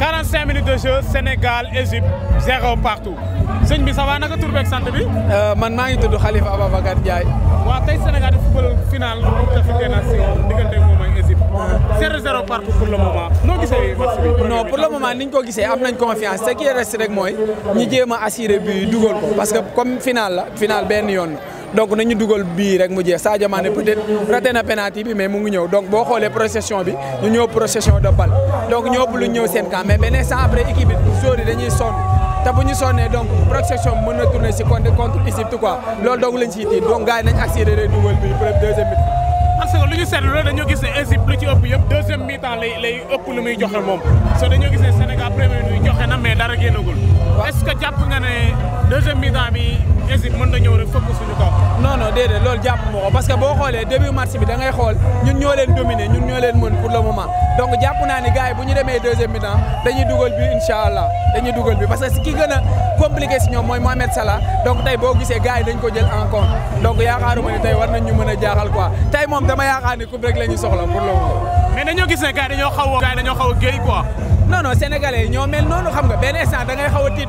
45 minutes de jeu Sénégal Égypte zéro partout Seigne bi ça va naka tur beeg sant bi. Euh, man maa ngi tudd Khalifa Ababakar Ndiaye. Wa tay Sénégal football final Coupe d'Afrique des Nations diggante moom ak Égypte. 0-0 partout pour le moment No gisee match bi. non pour le moment niñ ko gisee am nañ confiance ce qui reste rek moy ñi jéma assurer assuré bi dugal ko parce que comme final la final ben yoon donc nañu dugal bii rek mu jeex Sadio Mané peut-être raté na penalty bi mais mu ngi ñëw donc boo xoolee procession bi ñu ñëw procession de balle donc ñoo lu ñëw seen camp mais beneen sans après équipe bi joueurs yi dañuy ñu sonnee donc procession bi mën na tourner si contre contre Égypte quoi loolu lu ñu seetlu loolu dañoo gis ne Égypte lu ci ëpp yëpp deuxième mi-temps lay lay ëpp moom soo dañoo gis ne Sénégal premier bi na mais dara génnagul. est-ce que jàpp nga ne deuxième mi-temps bi Égypte mën na ñëw rek fëpp suñu kaw. non non déedéet loolu jàpp ma ko parce que boo xoolee début match bi da ngay xool ñun ñoo leen dominer ñun ñoo leen mën pour le moment donc jàpp naa ni gars yi bu ñu demee deuxième mi-temps dañuy dugal bi incha allah dañuy dugal bi parce que ki gën a compliqué si ñoom mooy Mohamed Salah donc tey boo gisee gars yi dañ ko jël en compte donc yaakaaruma ni tey war nañ ñu mën a jaaxal quoi tey moom dama yaakaar ni coupe rek la ñuy soxla pour le moment. mais dañoo gis ne gars yi dañoo xaw a. gars yi dañoo xaw a géey quoi. non non sénégalais ñoo mel noonu xam nga benn instant da ngay xaw a tiit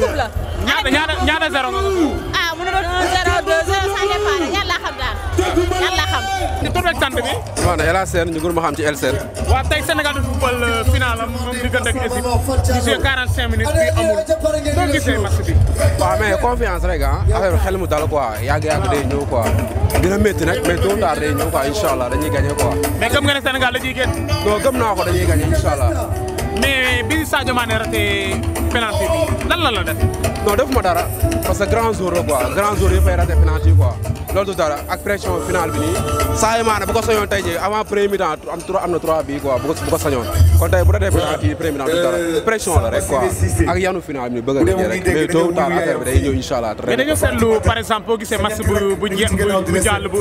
coupe la. ñaata ñaata ñaata zéro nga ah mu ne doon 1 0 2 0 ça dépend yàlla xam daal yàlla xam. ñu tur beeg sant bi. waaw El Hadj Sène ñu gën ma xam ci El Sène. waaw tey Sénégal de football euh, final am moom diggante ak Égypte ñu joué 45 minutes bi amul noo gisee match bi. waaw mais confiance rek ah affaire xel mu dal quoi yàgg yàgg day ñëw quoi dina métti nag mais tôt ou tard day ñëw quoi dañuy gagné quoi. mais gëm nga ne Sénégal dañuy génn. gëm naa ko dañuy gagné incha mais bi Sadio Mané raté penalty bi lan la la def. non defuma dara parce que grand jour la quoi grand jour yëpp ay raté penalty quoi. loolu du ak pression finale bi nii Sadio Mané bu sañoon tey jii avant premier mi am na trois bii quoi bu sañoon kon tey bu da defee ci ak yanu finale bi nii bëgg a rek mais tôt ou tard affaire bi ñëw incha allah. exemple boo gisee match bu bu bu jàll bu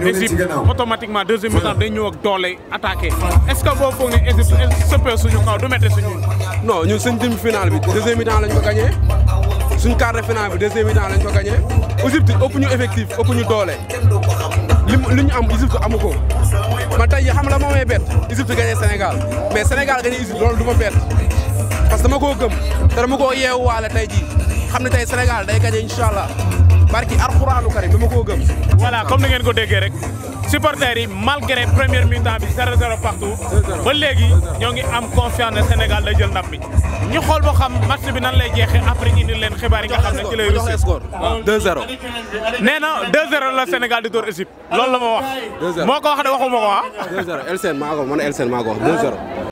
Égypte euh, automatiquement deuxième mi-temps bi deuxième mi-temps lañ ko gagné. une carte de finale bi deuxième mi lañ ko gagné Égypte opuñu effectif opuñu liñu am Égypte xam la Égypte Sénégal mais Sénégal gagné Égypte parce que dama ko gëm dama ko yeewu bien tay ji xam ne Sénégal day gagné Inch'Allah. barki alxuraanu karim dama koo comme ni ngeen ko déggee rek supporters yi malgré première mi-temps bi 0-0 partout. ba ñoo ngi am confiance ne Sénégal day jël ndam bi ñu xool boo xam match bi nan lay jeexee après ñu indil leen xibaar yi nga xam ne ci lay. russi score nee na 2-0 la Sénégal di dóor Égypte loolu la ma wax. moo ko wax de waxuma ko ah. 2-0 Elsene maa ko